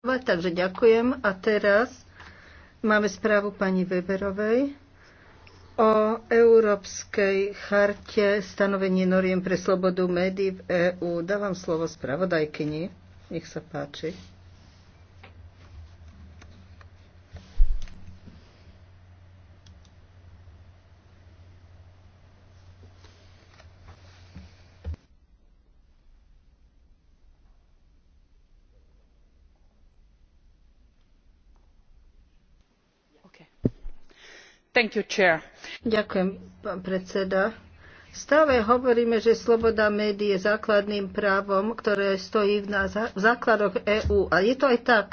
Takže ďakujem. A teraz máme správu pani Weberovej o Európskej charte stanovenie noriem pre slobodu médií v EÚ. Dávam slovo spravodajkyni. Nech sa páči. You, Ďakujem, pán predseda. Stále hovoríme, že sloboda médií je základným právom, ktoré stojí v, nás, v základoch EÚ. A je to aj tak.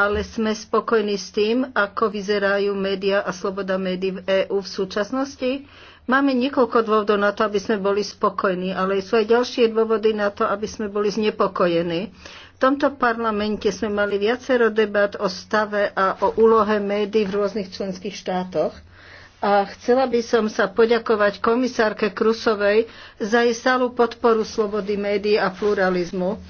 Ale sme spokojní s tým, ako vyzerajú médiá a sloboda médií v EÚ v súčasnosti. Máme niekoľko dôvodov na to, aby sme boli spokojní, ale sú aj ďalšie dôvody na to, aby sme boli znepokojení. V tomto parlamente sme mali viacero debat o stave a o úlohe médií v rôznych členských štátoch. A chcela by som sa poďakovať komisárke Krusovej za jej stálu podporu slobody médií a pluralizmu.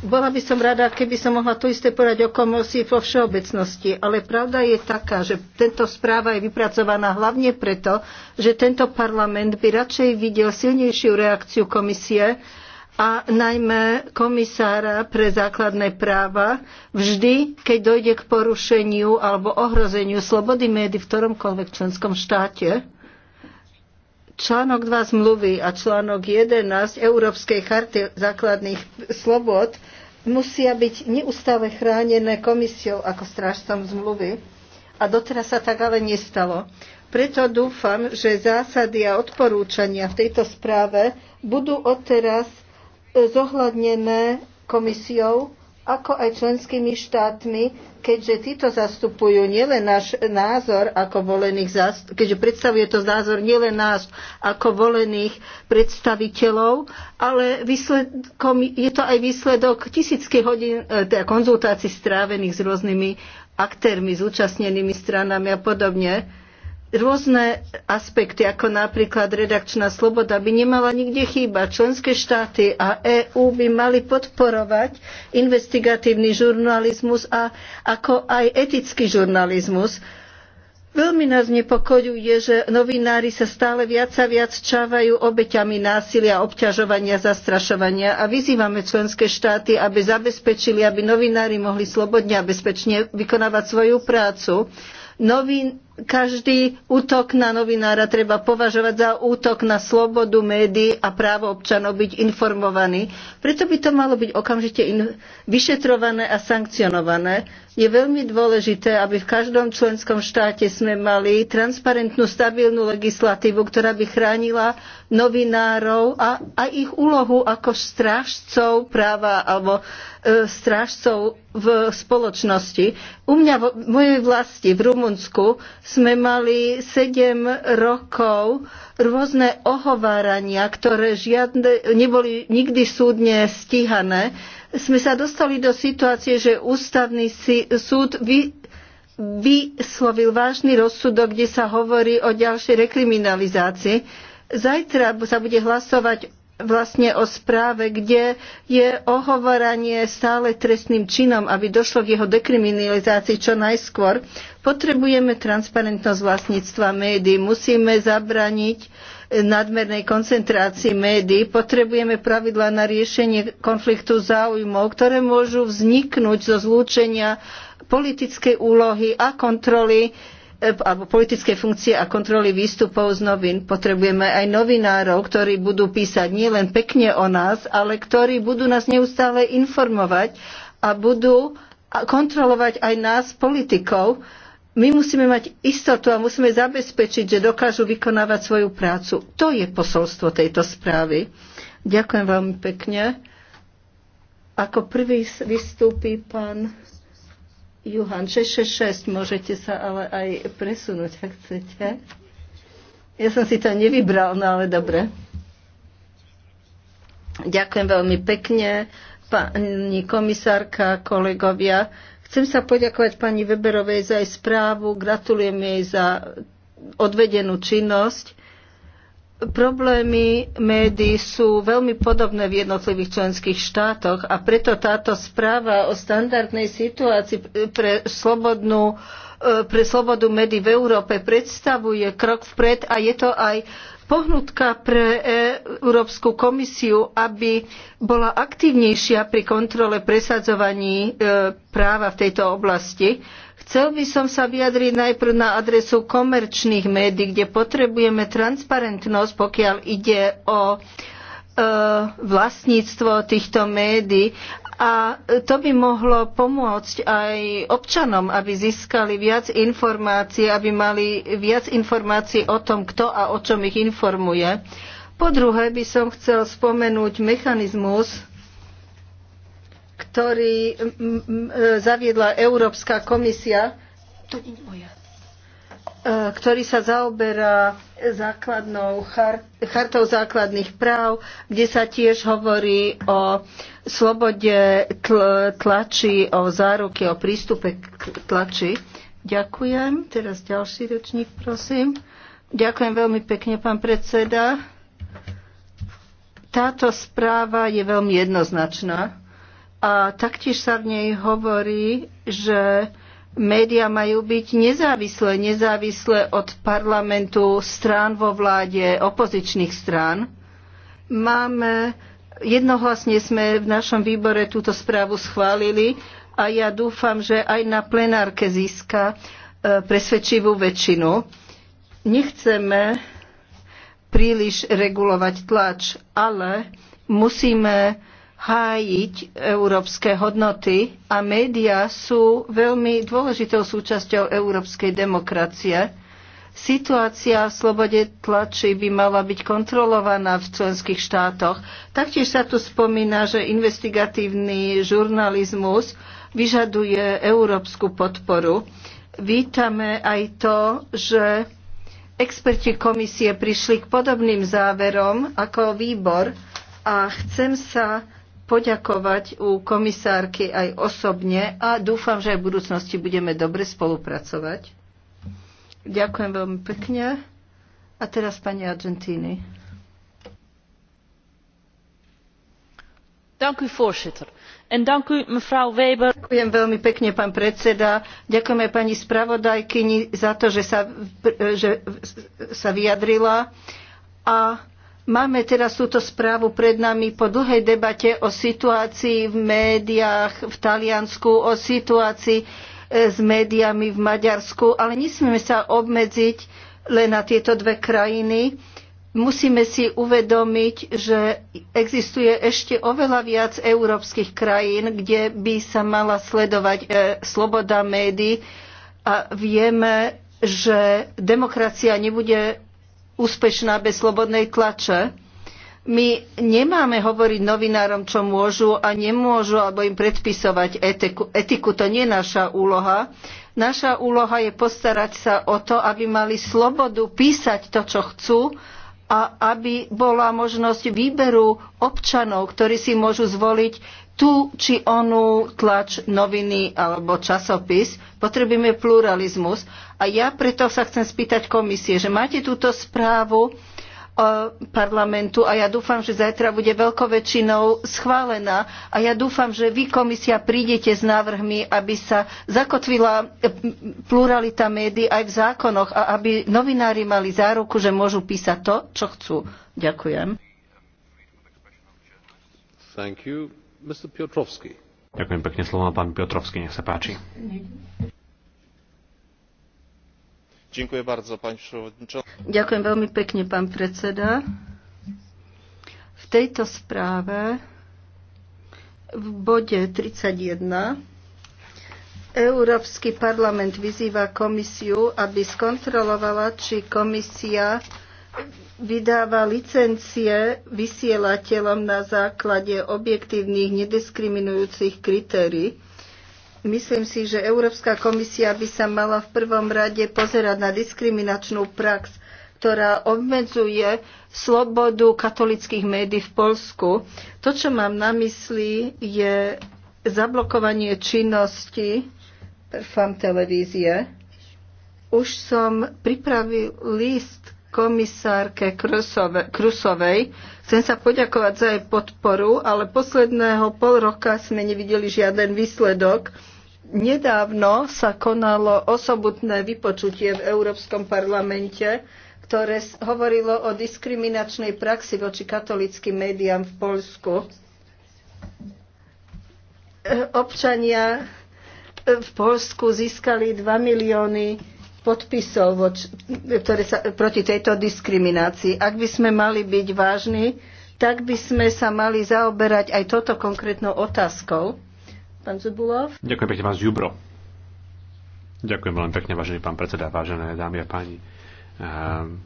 Bola by som rada, keby som mohla to isté povedať o komisii vo všeobecnosti, ale pravda je taká, že tento správa je vypracovaná hlavne preto, že tento parlament by radšej videl silnejšiu reakciu komisie a najmä komisára pre základné práva vždy, keď dojde k porušeniu alebo ohrozeniu slobody médií v ktoromkoľvek členskom štáte. Článok 2 zmluvy a článok 11 Európskej charty základných slobod musia byť neustále chránené komisiou ako strážcom zmluvy. A doteraz sa tak ale nestalo. Preto dúfam, že zásady a odporúčania v tejto správe budú odteraz zohľadnené komisiou, ako aj členskými štátmi, keďže títo zastupujú nielen náš názor ako volených, keďže predstavuje to názor nielen nás ako volených predstaviteľov, ale výsledkom, je to aj výsledok tisícky hodín e, teda konzultácií strávených s rôznymi aktérmi, zúčastnenými stranami a podobne rôzne aspekty, ako napríklad redakčná sloboda, by nemala nikde chýbať. Členské štáty a EÚ by mali podporovať investigatívny žurnalizmus a ako aj etický žurnalizmus. Veľmi nás nepokojuje, že novinári sa stále viac a viac čávajú obeťami násilia, obťažovania, zastrašovania a vyzývame členské štáty, aby zabezpečili, aby novinári mohli slobodne a bezpečne vykonávať svoju prácu. Novin každý útok na novinára treba považovať za útok na slobodu médií a právo občanov byť informovaní. Preto by to malo byť okamžite vyšetrované a sankcionované. Je veľmi dôležité, aby v každom členskom štáte sme mali transparentnú, stabilnú legislatívu, ktorá by chránila novinárov a, a ich úlohu ako strážcov práva alebo e, strážcov v spoločnosti. U mňa v mojej vlasti v Rumunsku sme mali 7 rokov rôzne ohovárania, ktoré žiadne, neboli nikdy súdne stíhané. Sme sa dostali do situácie, že ústavný súd vy, vyslovil vážny rozsudok, kde sa hovorí o ďalšej rekriminalizácii. Zajtra sa bude hlasovať vlastne o správe, kde je ohovoranie stále trestným činom, aby došlo k jeho dekriminalizácii čo najskôr. Potrebujeme transparentnosť vlastníctva médií, musíme zabraniť nadmernej koncentrácii médií, potrebujeme pravidla na riešenie konfliktu záujmov, ktoré môžu vzniknúť zo zlúčenia politickej úlohy a kontroly e, alebo politické funkcie a kontroly výstupov z novín. Potrebujeme aj novinárov, ktorí budú písať nielen pekne o nás, ale ktorí budú nás neustále informovať a budú kontrolovať aj nás, politikov, my musíme mať istotu a musíme zabezpečiť, že dokážu vykonávať svoju prácu. To je posolstvo tejto správy. Ďakujem veľmi pekne. Ako prvý vystúpi pán Juhan 666. Môžete sa ale aj presunúť, ak chcete. Ja som si to nevybral, no ale dobre. Ďakujem veľmi pekne, pani komisárka, kolegovia. Chcem sa poďakovať pani Weberovej za jej správu, gratulujem jej za odvedenú činnosť. Problémy médií sú veľmi podobné v jednotlivých členských štátoch a preto táto správa o standardnej situácii pre, slobodnú, e, pre slobodu médií v Európe predstavuje krok vpred a je to aj pohnutka pre e, Európsku komisiu, aby bola aktívnejšia pri kontrole presadzovaní e, práva v tejto oblasti. Chcel by som sa vyjadriť najprv na adresu komerčných médií, kde potrebujeme transparentnosť, pokiaľ ide o e, vlastníctvo týchto médií a to by mohlo pomôcť aj občanom, aby získali viac informácií, aby mali viac informácií o tom, kto a o čom ich informuje. Po druhé by som chcel spomenúť mechanizmus, ktorý zaviedla Európska komisia. To nie je moja. E, ktorý sa zaoberá základnou chartou základných práv, kde sa tiež hovorí o slobode tlači, o záruke, o prístupe k tlači. Ďakujem. Teraz ďalší rečník, prosím. Ďakujem veľmi pekne, pán predseda. Táto správa je veľmi jednoznačná a taktiež sa v nej hovorí, že Média majú byť nezávislé, nezávislé od parlamentu, strán vo vláde, opozičných strán. Máme, jednohlasne sme v našom výbore túto správu schválili a ja dúfam, že aj na plenárke získa e, presvedčivú väčšinu. Nechceme príliš regulovať tlač, ale musíme hájiť európske hodnoty a médiá sú veľmi dôležitou súčasťou európskej demokracie. Situácia v slobode tlači by mala byť kontrolovaná v členských štátoch. Taktiež sa tu spomína, že investigatívny žurnalizmus vyžaduje európsku podporu. Vítame aj to, že experti komisie prišli k podobným záverom ako výbor a chcem sa poďakovať u komisárky aj osobne a dúfam, že aj v budúcnosti budeme dobre spolupracovať. Ďakujem veľmi pekne. A teraz pani Argentíny. Ďakujem veľmi pekne, pán predseda. Ďakujem aj pani spravodajkyni za to, že sa, že sa vyjadrila. A Máme teraz túto správu pred nami po dlhej debate o situácii v médiách v Taliansku, o situácii e, s médiami v Maďarsku, ale nesmieme sa obmedziť len na tieto dve krajiny. Musíme si uvedomiť, že existuje ešte oveľa viac európskych krajín, kde by sa mala sledovať e, sloboda médií a vieme, že demokracia nebude úspešná bez slobodnej tlače. My nemáme hovoriť novinárom, čo môžu a nemôžu, alebo im predpisovať etiku. etiku. To nie je naša úloha. Naša úloha je postarať sa o to, aby mali slobodu písať to, čo chcú a aby bola možnosť výberu občanov, ktorí si môžu zvoliť, tú či onú tlač, noviny alebo časopis. Potrebujeme pluralizmus. A ja preto sa chcem spýtať komisie, že máte túto správu e, parlamentu a ja dúfam, že zajtra bude veľkou väčšinou schválená a ja dúfam, že vy komisia prídete s návrhmi, aby sa zakotvila e, pluralita médií aj v zákonoch a aby novinári mali záruku, že môžu písať to, čo chcú. Ďakujem. Ďakujem pekne, slovo pán Piotrovský, nech sa páči. Ďakujem bardzo, pani Ďakujem veľmi pekne, pán predseda. V tejto správe v bode 31 Európsky parlament vyzýva komisiu, aby skontrolovala, či komisia vydáva licencie vysielateľom na základe objektívnych nediskriminujúcich kritérií. Myslím si, že Európska komisia by sa mala v prvom rade pozerať na diskriminačnú prax, ktorá obmedzuje slobodu katolických médií v Polsku. To, čo mám na mysli, je zablokovanie činnosti fan televízie. Už som pripravil list komisárke Krusove, Krusovej. Chcem sa poďakovať za jej podporu, ale posledného pol roka sme nevideli žiaden výsledok. Nedávno sa konalo osobutné vypočutie v Európskom parlamente, ktoré hovorilo o diskriminačnej praxi voči katolickým médiám v Polsku. E, občania e, v Polsku získali 2 milióny podpisov, ktoré sa, proti tejto diskriminácii. Ak by sme mali byť vážni, tak by sme sa mali zaoberať aj toto konkrétnou otázkou. Pán Zubulov? Ďakujem pekne, vás Zubro. Ďakujem veľmi pekne, vážený pán predseda, vážené dámy a páni. Ehm,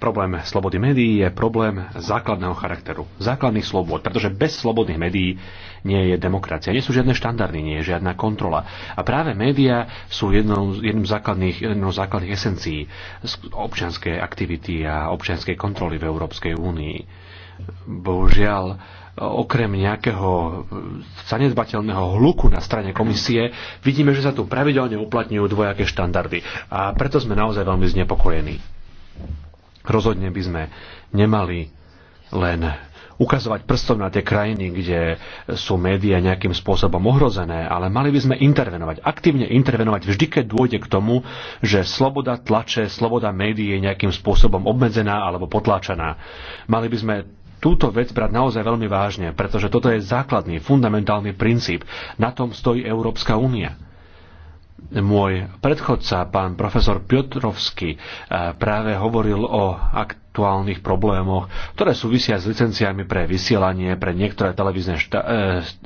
Problém slobody médií je problém základného charakteru, základných slobod, pretože bez slobodných médií nie je demokracia. Nie sú žiadne štandardy, nie je žiadna kontrola. A práve médiá sú jednou, jednou, základných, jednou z základných esencií občianskej aktivity a občianskej kontroly v Európskej únii. Bohužiaľ, okrem nejakého zanedbateľného hluku na strane komisie, vidíme, že sa tu pravidelne uplatňujú dvojaké štandardy. A preto sme naozaj veľmi znepokojení. Rozhodne by sme nemali len ukazovať prstom na tie krajiny, kde sú médiá nejakým spôsobom ohrozené, ale mali by sme intervenovať, aktívne intervenovať vždy, keď dôjde k tomu, že sloboda tlače, sloboda médií je nejakým spôsobom obmedzená alebo potláčaná. Mali by sme túto vec brať naozaj veľmi vážne, pretože toto je základný, fundamentálny princíp. Na tom stojí Európska únia. Môj predchodca, pán profesor Piotrovský, e, práve hovoril o aktuálnych problémoch, ktoré súvisia s licenciami pre vysielanie pre niektoré televízne šta- e,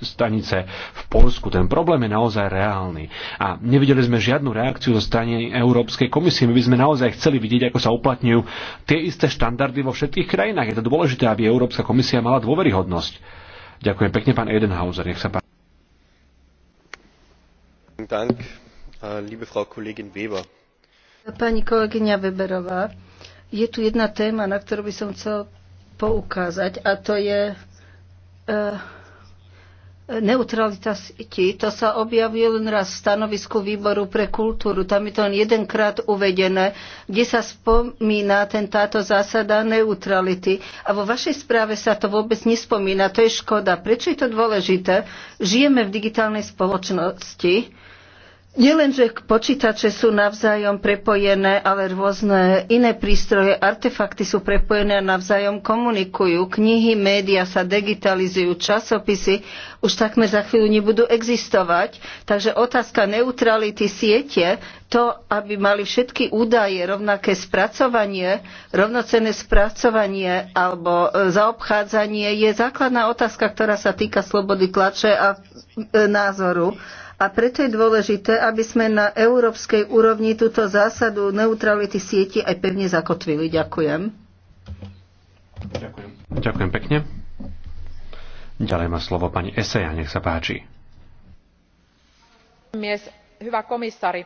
stanice v Polsku. Ten problém je naozaj reálny. A nevideli sme žiadnu reakciu zo strany Európskej komisie. My by sme naozaj chceli vidieť, ako sa uplatňujú tie isté štandardy vo všetkých krajinách. Je to dôležité, aby Európska komisia mala dôveryhodnosť. Ďakujem pekne, pán Edenhauser. Nech sa páči. Äh, liebe Frau Kollegin Weber. Pani kolegyňa Weberová, je tu jedna téma, na ktorú by som chcel poukázať a to je eh, neutralita sieti. To sa objavuje len raz v stanovisku výboru pre kultúru. Tam je to len jedenkrát uvedené, kde sa spomína ten, táto zásada neutrality. A vo vašej správe sa to vôbec nespomína. To je škoda. Prečo je to dôležité? Žijeme v digitálnej spoločnosti Nielen, že počítače sú navzájom prepojené, ale rôzne iné prístroje, artefakty sú prepojené a navzájom komunikujú. Knihy, média sa digitalizujú, časopisy už takmer za chvíľu nebudú existovať. Takže otázka neutrality siete, to, aby mali všetky údaje rovnaké spracovanie, rovnocenné spracovanie alebo e, zaobchádzanie, je základná otázka, ktorá sa týka slobody tlače a e, názoru. A preto je dôležité, aby sme na európskej úrovni túto zásadu neutrality sieti aj pevne zakotvili. Ďakujem. Ďakujem. Ďakujem pekne. Ďalej má slovo pani Eseja, nech sa páči. Mies, hyvä komisári,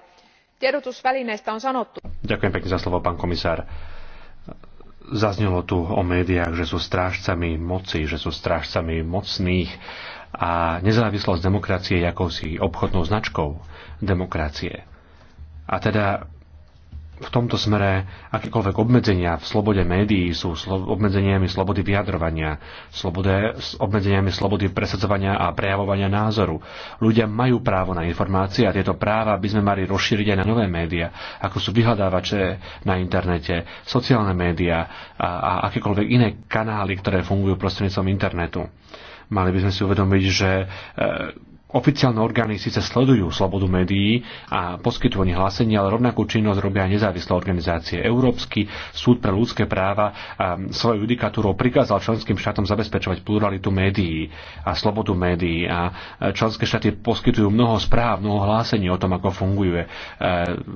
Tiedotusvälineistä on sanottu. Ďakujem pekne za slovo, pán komisár. Zaznelo tu o médiách, že sú strážcami moci, že sú strážcami mocných a nezávislosť demokracie je akousi obchodnou značkou demokracie. A teda v tomto smere akékoľvek obmedzenia v slobode médií sú slo- obmedzeniami slobody vyjadrovania, slobode, s obmedzeniami slobody presadzovania a prejavovania názoru. Ľudia majú právo na informácie a tieto práva by sme mali rozšíriť aj na nové médiá, ako sú vyhľadávače na internete, sociálne médiá a, a akékoľvek iné kanály, ktoré fungujú prostredníctvom internetu. Mali by sme si uvedomiť, že Oficiálne orgány síce sledujú slobodu médií a poskytovanie hlásenia, ale rovnakú činnosť robia nezávislé organizácie. Európsky súd pre ľudské práva svojou judikatúrou prikázal členským štátom zabezpečovať pluralitu médií a slobodu médií a členské štáty poskytujú mnoho správ, mnoho hlásení o tom, ako funguje e,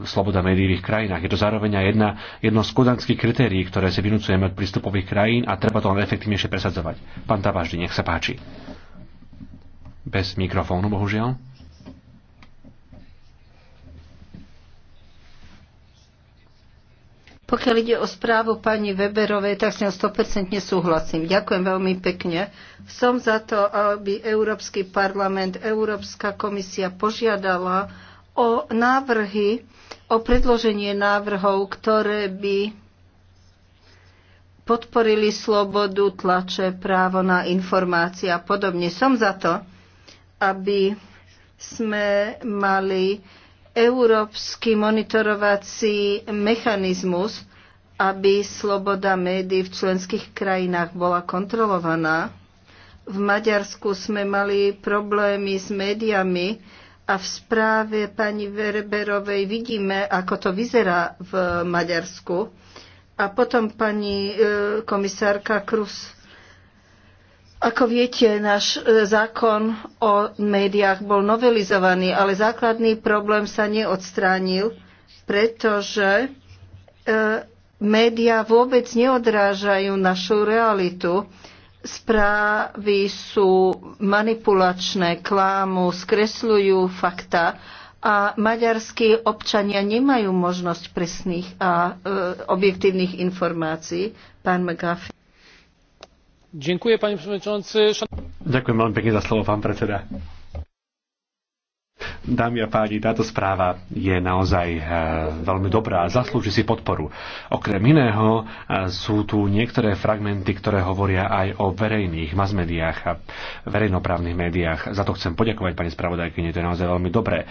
sloboda médií v ich krajinách. Je to zároveň aj jedna, jedno z kodanských kritérií, ktoré si vynúcujeme od prístupových krajín a treba to len efektívnejšie presadzovať. Pán Tabaždy, nech sa páči bez mikrofónu, bohužiaľ. Pokiaľ ide o správu pani Weberovej, tak s ňou 100% súhlasím. Ďakujem veľmi pekne. Som za to, aby Európsky parlament, Európska komisia požiadala o návrhy, o predloženie návrhov, ktoré by podporili slobodu tlače, právo na informácie a podobne. Som za to, aby sme mali európsky monitorovací mechanizmus, aby sloboda médií v členských krajinách bola kontrolovaná. V Maďarsku sme mali problémy s médiami a v správe pani Verberovej vidíme, ako to vyzerá v Maďarsku. A potom pani e, komisárka Krus ako viete, náš e, zákon o médiách bol novelizovaný, ale základný problém sa neodstránil, pretože e, médiá vôbec neodrážajú našu realitu. Správy sú manipulačné, klámu, skresľujú fakta a maďarskí občania nemajú možnosť presných a e, objektívnych informácií. Pán McGuffey. Ďakujem, pani predsedajúci. Ďakujem veľmi pekne za slovo, pán predseda. Dámy a páni, táto správa je naozaj eh, veľmi dobrá a zaslúži si podporu. Okrem iného eh, sú tu niektoré fragmenty, ktoré hovoria aj o verejných masmediách a verejnoprávnych médiách. Za to chcem poďakovať pani spravodajkyni, to je naozaj veľmi dobré.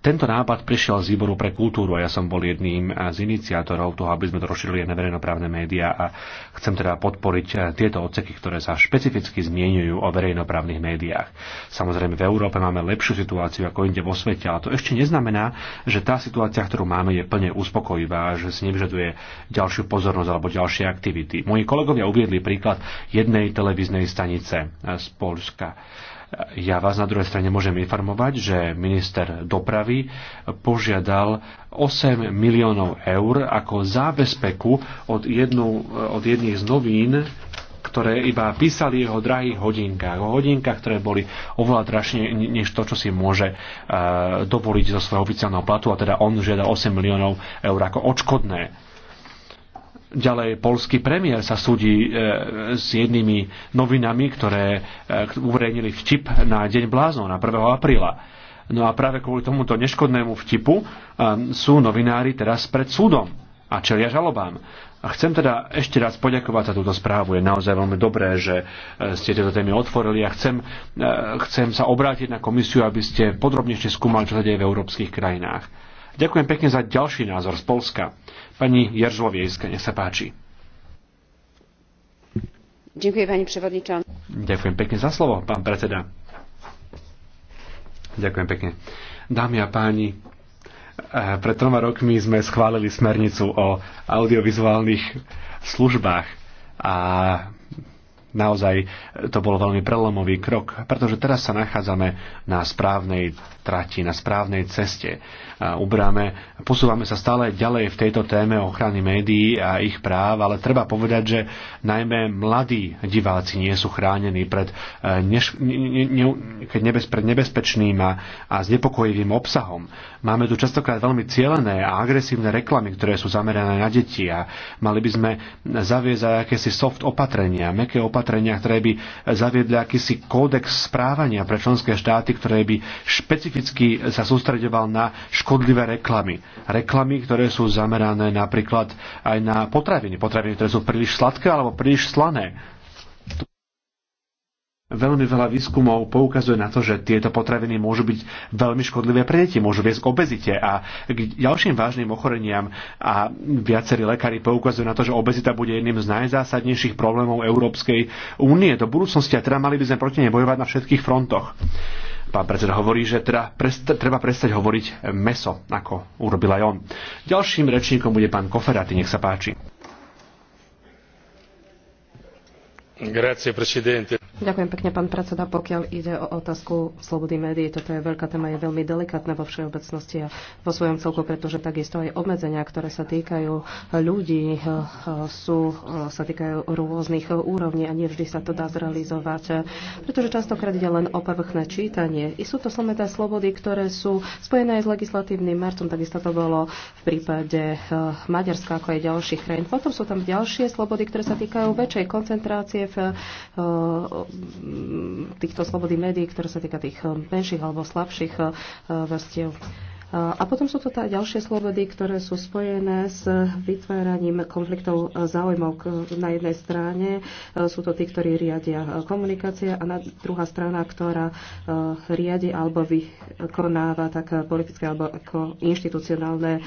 Tento nápad prišiel z výboru pre kultúru a ja som bol jedným eh, z iniciátorov toho, aby sme to rozšírili na verejnoprávne médiá a chcem teda podporiť eh, tieto odseky, ktoré sa špecificky zmienujú o verejnoprávnych médiách. Samozrejme v Európe máme lepšiu situáciu ako inde vo svete, ale to ešte neznamená, že tá situácia, ktorú máme, je plne uspokojivá, že si nevyžaduje ďalšiu pozornosť alebo ďalšie aktivity. Moji kolegovia uviedli príklad jednej televíznej stanice eh, z Polska ja vás na druhej strane môžem informovať, že minister dopravy požiadal 8 miliónov eur ako zábezpeku od, jednu, od jedných z novín ktoré iba písali jeho drahých hodinkách. O hodinkách, ktoré boli oveľa dražšie než to, čo si môže e, dovoliť zo svojho oficiálneho platu, a teda on žiada 8 miliónov eur ako odškodné Ďalej, polský premiér sa súdi e, s jednými novinami, ktoré e, uverejnili vtip na Deň bláznov, na 1. apríla. No a práve kvôli tomuto neškodnému vtipu e, sú novinári teraz pred súdom a čelia žalobám. A chcem teda ešte raz poďakovať za túto správu. Je naozaj veľmi dobré, že e, ste tieto témy otvorili a chcem, e, chcem sa obrátiť na komisiu, aby ste podrobnejšie skúmali, čo sa deje v európskych krajinách Ďakujem pekne za ďalší názor z Polska. Pani Jaržloviejska, nech sa páči. Ďakujem, pani prevodničan. Ďakujem pekne za slovo, pán predseda. Ďakujem pekne. Dámy a páni, e, pred troma rokmi sme schválili smernicu o audiovizuálnych službách a naozaj to bol veľmi prelomový krok, pretože teraz sa nachádzame na správnej trati, na správnej ceste. Ubráme, posúvame sa stále ďalej v tejto téme ochrany médií a ich práv, ale treba povedať, že najmä mladí diváci nie sú chránení pred, e, než, ne, ne, ne, nebez, pred nebezpečným a, a znepokojivým obsahom. Máme tu častokrát veľmi cielené a agresívne reklamy, ktoré sú zamerané na deti a mali by sme zaviesť aj akési soft opatrenia, meké opatrenia, ktoré by zaviedli akýsi kódex správania pre členské štáty, ktoré by špecificky prakticky sa sústredoval na škodlivé reklamy. Reklamy, ktoré sú zamerané napríklad aj na potraviny. Potraviny, ktoré sú príliš sladké alebo príliš slané. Veľmi veľa výskumov poukazuje na to, že tieto potraviny môžu byť veľmi škodlivé pre deti, môžu viesť k obezite a k ďalším vážnym ochoreniam a viacerí lekári poukazujú na to, že obezita bude jedným z najzásadnejších problémov Európskej únie do budúcnosti a teda mali by sme proti nej bojovať na všetkých frontoch. Pán predseda hovorí, že teda presta- treba prestať hovoriť meso, ako urobil aj on. Ďalším rečníkom bude pán Koferati, nech sa páči. Grazie, presidente. Ďakujem pekne, pán predseda. Pokiaľ ide o otázku slobody médií, toto je veľká téma, je veľmi delikátna vo všeobecnosti a vo svojom celku, pretože takisto aj obmedzenia, ktoré sa týkajú ľudí, eh, sú, eh, sa týkajú rôznych úrovní a nevždy sa to dá zrealizovať, eh, pretože častokrát ide len o prvchné čítanie. I sú to slometé slobody, ktoré sú spojené aj s legislatívnym marcom, takisto to bolo v prípade Maďarska, ako aj ďalších krajín. Potom sú tam ďalšie slobody, ktoré sa týkajú väčšej koncentrácie v týchto slobody médií, ktoré sa týka tých eh, menších alebo slabších eh, vrstiev. Eh, a potom sú to tá ďalšie slobody, ktoré sú spojené s vytváraním konfliktov záujmov na jednej strane. Sú to tí, ktorí riadia komunikácia a na druhá strana, ktorá riadi alebo vykonáva tak politické alebo ako inštitucionálne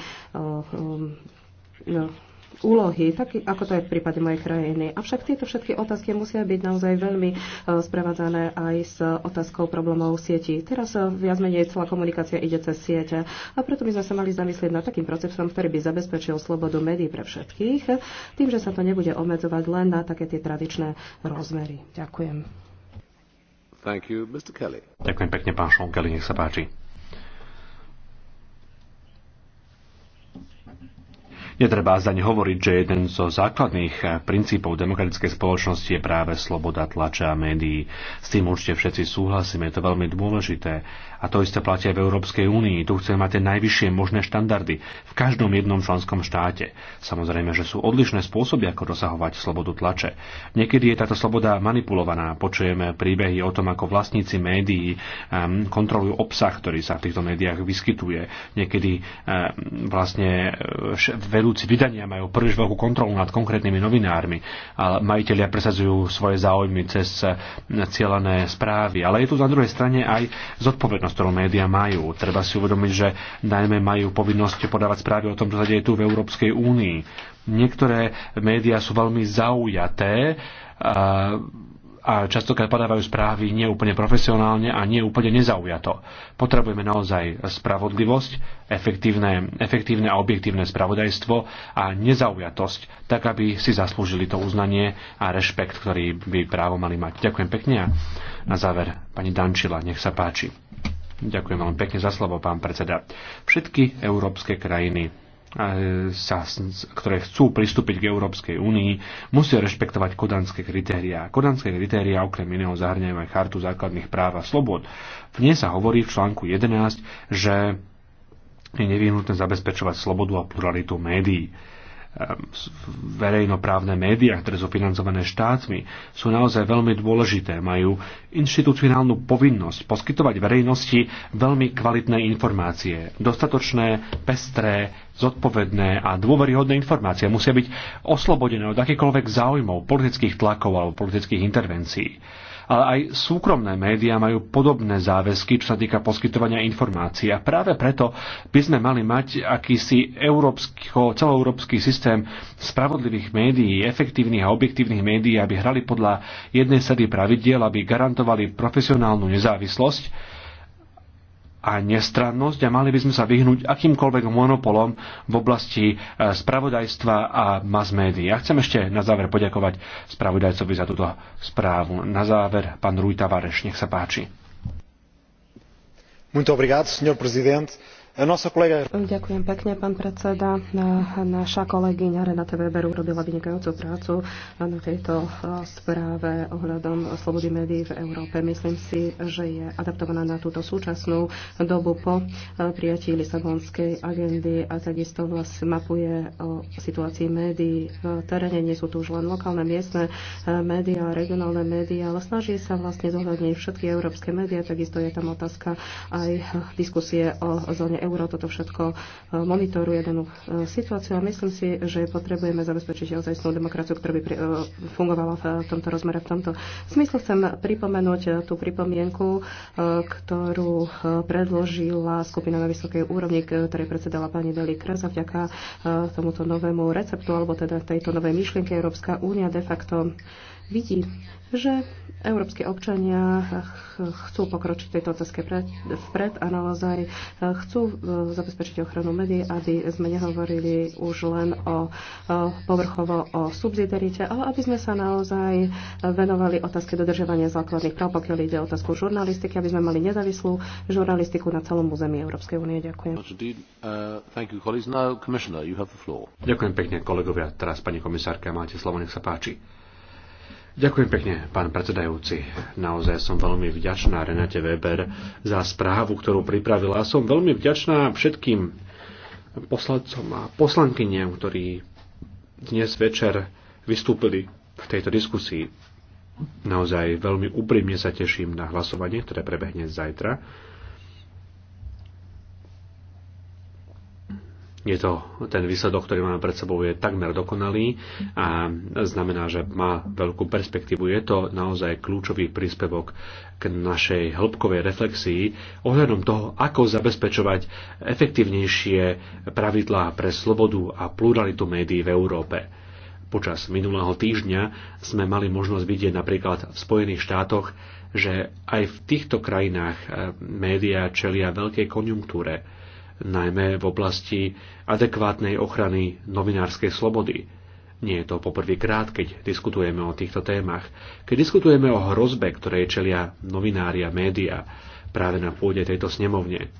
úlohy, tak ako to je v prípade mojej krajiny. Avšak tieto všetky otázky musia byť naozaj veľmi e, sprevádzané aj s otázkou problémov sieti. Teraz e, viac menej celá komunikácia ide cez siete a preto by sme sa mali zamyslieť nad takým procesom, ktorý by zabezpečil slobodu médií pre všetkých, e, tým, že sa to nebude obmedzovať len na také tie tradičné rozmery. Ďakujem. Thank you, Mr. Kelly. Ďakujem pekne, pán Sean Kelly, nech sa páči. Netreba zaň hovoriť, že jeden zo základných princípov demokratickej spoločnosti je práve sloboda tlače a médií. S tým určite všetci súhlasíme, je to veľmi dôležité. A to isté platia v Európskej únii. Tu chceme mať tie najvyššie možné štandardy v každom jednom členskom štáte. Samozrejme, že sú odlišné spôsoby, ako dosahovať slobodu tlače. Niekedy je táto sloboda manipulovaná. Počujeme príbehy o tom, ako vlastníci médií kontrolujú obsah, ktorý sa v týchto médiách vyskytuje. Niekedy vlastne e, vedúci vydania majú príliš veľkú kontrolu nad konkrétnymi novinármi. Ale majiteľia presadzujú svoje záujmy cez e, cielené správy. Ale je tu na druhej strane aj zodpovednosť ktorú médiá majú. Treba si uvedomiť, že najmä majú povinnosť podávať správy o tom, čo sa deje tu v Európskej únii. Niektoré médiá sú veľmi zaujaté a, a častokrát podávajú správy neúplne profesionálne a neúplne nezaujato. Potrebujeme naozaj spravodlivosť, efektívne, efektívne a objektívne spravodajstvo a nezaujatosť, tak aby si zaslúžili to uznanie a rešpekt, ktorý by právo mali mať. Ďakujem pekne a na záver pani Dančila, nech sa páči. Ďakujem veľmi pekne za slovo, pán predseda. Všetky európske krajiny e, sa, ktoré chcú pristúpiť k Európskej únii, musia rešpektovať kodanské kritériá. Kodanské kritériá okrem iného zahrňajú aj chartu základných práv a slobod. V nej sa hovorí v článku 11, že je nevyhnutné zabezpečovať slobodu a pluralitu médií verejnoprávne médiá, ktoré sú financované štátmi, sú naozaj veľmi dôležité. Majú inštitucionálnu povinnosť poskytovať verejnosti veľmi kvalitné informácie, dostatočné, pestré, zodpovedné a dôveryhodné informácie. Musia byť oslobodené od akýkoľvek záujmov, politických tlakov alebo politických intervencií ale aj súkromné médiá majú podobné záväzky, čo sa týka poskytovania informácií. A práve preto by sme mali mať akýsi európsky, celoeurópsky systém spravodlivých médií, efektívnych a objektívnych médií, aby hrali podľa jednej sady pravidiel, aby garantovali profesionálnu nezávislosť a nestrannosť a mali by sme sa vyhnúť akýmkoľvek monopolom v oblasti e, spravodajstva a mass médií. Ja chcem ešte na záver poďakovať spravodajcovi za túto správu. Na záver, pán Rúj Vareš, nech sa páči. Muito obrigado, senhor presidente. No, Ďakujem pekne, pán predseda. Naša kolegyňa Renata Weber urobila vynikajúcu prácu na tejto eh, správe ohľadom slobody médií v Európe. Myslím si, že je adaptovaná na túto súčasnú dobu po eh, prijatí Lisabonskej agendy a takisto vlast mapuje o eh, situácii médií v teréne. Nie sú tu už len lokálne, miestne médiá, regionálne médiá, ale snaží sa vlastne zohľadniť všetky európske médiá. Takisto je tam otázka aj diskusie o zóne euro toto všetko e, monitoruje danú e, situáciu a myslím si, že potrebujeme zabezpečiť ozajstnú demokraciu, ktorá by e, fungovala v tomto rozmere. V tomto smysle chcem pripomenúť tú pripomienku, ktorú predložila skupina na vysokej úrovni, ktorej predsedala pani Deli Kreza vďaka tomuto novému receptu, alebo teda tejto novej myšlienke Európska únia de facto vidí, že Európske občania chcú pokročiť tejto otázke vpred a naozaj eh, chcú eh, zabezpečiť ochranu médií, aby sme nehovorili už len o, eh, povrchovo o subsidiarite, ale aby sme sa naozaj venovali otázke dodržovania základných práv, pokiaľ ide o otázku žurnalistiky, aby sme mali nezávislú žurnalistiku na celom území Európskej únie. Ďakujem. Uh, Ďakujem pekne, kolegovia. Teraz, pani komisárka, máte slovo, nech sa páči. Ďakujem pekne, pán predsedajúci. Naozaj som veľmi vďačná Renate Weber za správu, ktorú pripravila. A som veľmi vďačná všetkým poslancom a poslankyniam, ktorí dnes večer vystúpili v tejto diskusii. Naozaj veľmi úprimne sa teším na hlasovanie, ktoré prebehne zajtra Je to, ten výsledok, ktorý máme pred sebou, je takmer dokonalý a znamená, že má veľkú perspektívu. Je to naozaj kľúčový príspevok k našej hĺbkovej reflexii ohľadom toho, ako zabezpečovať efektívnejšie pravidlá pre slobodu a pluralitu médií v Európe. Počas minulého týždňa sme mali možnosť vidieť napríklad v Spojených štátoch, že aj v týchto krajinách eh, médiá čelia veľkej konjunktúre najmä v oblasti adekvátnej ochrany novinárskej slobody. Nie je to poprvýkrát, keď diskutujeme o týchto témach, keď diskutujeme o hrozbe, ktorej čelia novinári a média práve na pôde tejto snemovne.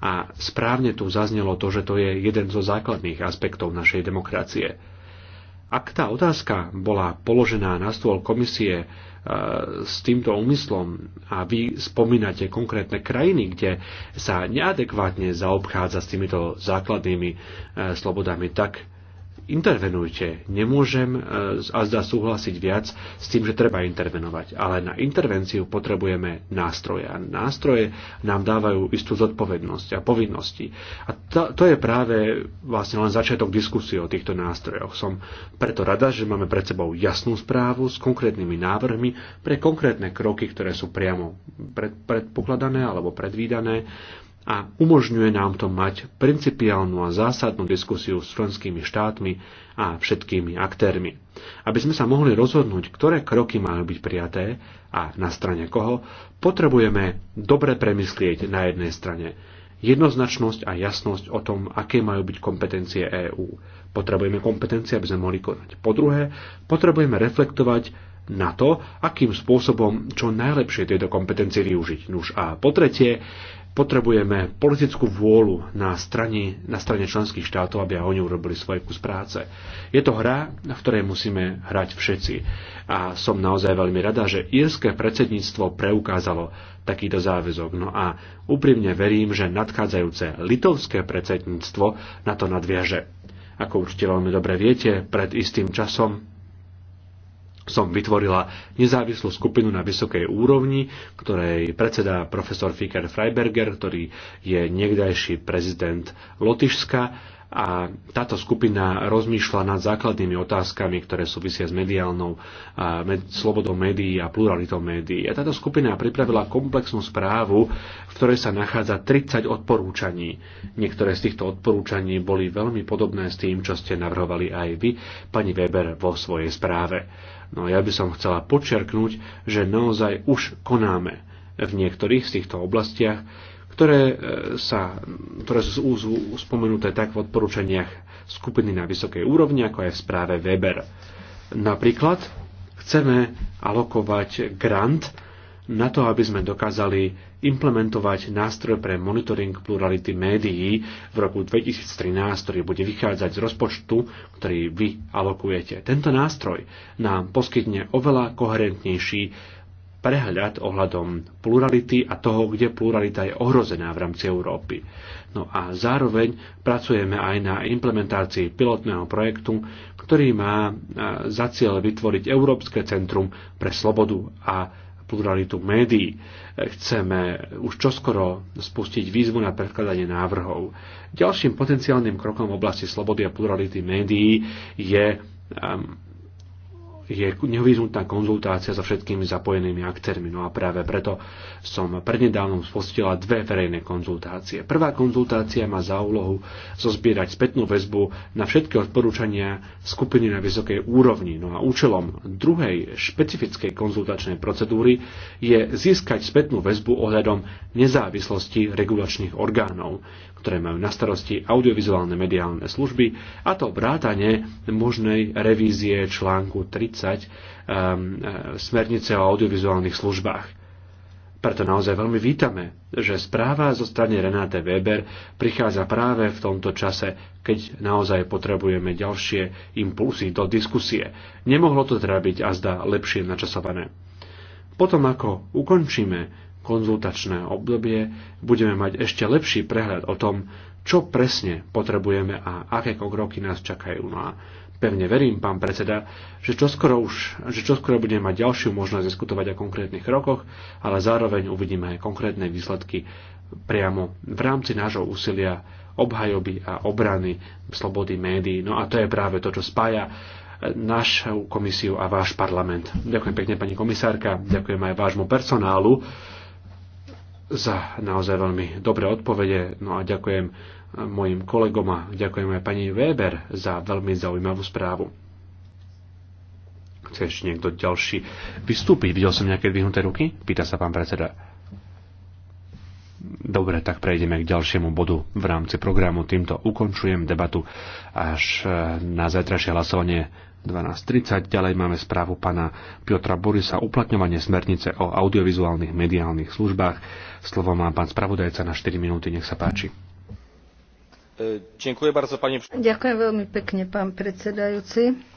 A správne tu zaznelo to, že to je jeden zo základných aspektov našej demokracie. Ak tá otázka bola položená na stôl komisie s týmto úmyslom a vy spomínate konkrétne krajiny, kde sa neadekvátne zaobchádza s týmito základnými eh, slobodami, tak intervenujte. Nemôžem e, a zdá súhlasiť viac s tým, že treba intervenovať. Ale na intervenciu potrebujeme nástroje. A nástroje nám dávajú istú zodpovednosť a povinnosti. A to, to je práve vlastne len začiatok diskusie o týchto nástrojoch. Som preto rada, že máme pred sebou jasnú správu s konkrétnymi návrhmi pre konkrétne kroky, ktoré sú priamo pred, predpokladané alebo predvídané a umožňuje nám to mať principiálnu a zásadnú diskusiu s členskými štátmi a všetkými aktérmi, aby sme sa mohli rozhodnúť, ktoré kroky majú byť prijaté a na strane koho, potrebujeme dobre premyslieť na jednej strane jednoznačnosť a jasnosť o tom, aké majú byť kompetencie EÚ. Potrebujeme kompetencie, aby sme mohli konať. Po druhé, potrebujeme reflektovať na to, akým spôsobom čo najlepšie tieto kompetencie využiť. Nuž a po tretie, Potrebujeme politickú vôľu na strane, na strane členských štátov, aby oni urobili svoj kus práce. Je to hra, v ktorej musíme hrať všetci. A som naozaj veľmi rada, že írske predsedníctvo preukázalo takýto záväzok. No a úprimne verím, že nadchádzajúce litovské predsedníctvo na to nadviaže. Ako určite veľmi dobre viete, pred istým časom som vytvorila nezávislú skupinu na vysokej úrovni, ktorej predseda profesor Fiker Freiberger, ktorý je niekdajší prezident Lotyšska a táto skupina rozmýšľa nad základnými otázkami, ktoré súvisia s mediálnou med, slobodou médií a pluralitou médií. A táto skupina pripravila komplexnú správu, v ktorej sa nachádza 30 odporúčaní. Niektoré z týchto odporúčaní boli veľmi podobné s tým, čo ste navrhovali aj vy, pani Weber, vo svojej správe. No ja by som chcela počerknúť, že naozaj už konáme v niektorých z týchto oblastiach, ktoré, e, sa, ktoré sú spomenuté tak v odporúčaniach skupiny na vysokej úrovni, ako aj v správe Weber. Napríklad chceme alokovať grant na to, aby sme dokázali implementovať nástroj pre monitoring plurality médií v roku 2013, ktorý bude vychádzať z rozpočtu, ktorý vy alokujete. Tento nástroj nám poskytne oveľa koherentnejší prehľad ohľadom plurality a toho, kde pluralita je ohrozená v rámci Európy. No a zároveň pracujeme aj na implementácii pilotného projektu, ktorý má e, za cieľ vytvoriť Európske centrum pre slobodu a pluralitu médií. Chceme už čoskoro spustiť výzvu na predkladanie návrhov. Ďalším potenciálnym krokom v oblasti slobody a plurality médií je um, je nevyhnutná konzultácia so všetkými zapojenými aktérmi. No a práve preto som prednedávnom spustila dve verejné konzultácie. Prvá konzultácia má za úlohu zozbierať spätnú väzbu na všetky odporúčania skupiny na vysokej úrovni. No a účelom druhej špecifickej konzultačnej procedúry je získať spätnú väzbu ohľadom nezávislosti regulačných orgánov, ktoré majú na starosti audiovizuálne mediálne služby, a to vrátane možnej revízie článku 30 um, uh, smernice o audiovizuálnych službách. Preto naozaj veľmi vítame, že správa zo strany Renáte Weber prichádza práve v tomto čase, keď naozaj potrebujeme ďalšie impulsy do diskusie. Nemohlo to teda byť zdá lepšie načasované. Potom ako ukončíme konzultačné obdobie, budeme mať ešte lepší prehľad o tom, čo presne potrebujeme a aké kroky nás čakajú. No a Pevne verím, pán predseda, že čoskoro, už, že čoskoro budeme mať ďalšiu možnosť diskutovať o konkrétnych rokoch, ale zároveň uvidíme aj konkrétne výsledky priamo v rámci nášho úsilia obhajoby a obrany slobody médií. No a to je práve to, čo spája e, našu komisiu a váš parlament. Ďakujem pekne, pani komisárka, ďakujem aj vášmu personálu za naozaj veľmi dobré odpovede. No a ďakujem mojim kolegom a ďakujem aj pani Weber za veľmi zaujímavú správu. Chce ešte niekto ďalší vystúpiť? Videl som nejaké dvihnuté ruky? Pýta sa pán predseda. Dobre, tak prejdeme k ďalšiemu bodu v rámci programu. Týmto ukončujem debatu až e, na zajtrajšie hlasovanie 12.30. Ďalej máme správu pana Piotra Borisa uplatňovanie smernice o audiovizuálnych mediálnych službách. Slovo má pán spravodajca na 4 minúty. Nech sa páči. Ďakujem veľmi pekne, pán predsedajúci.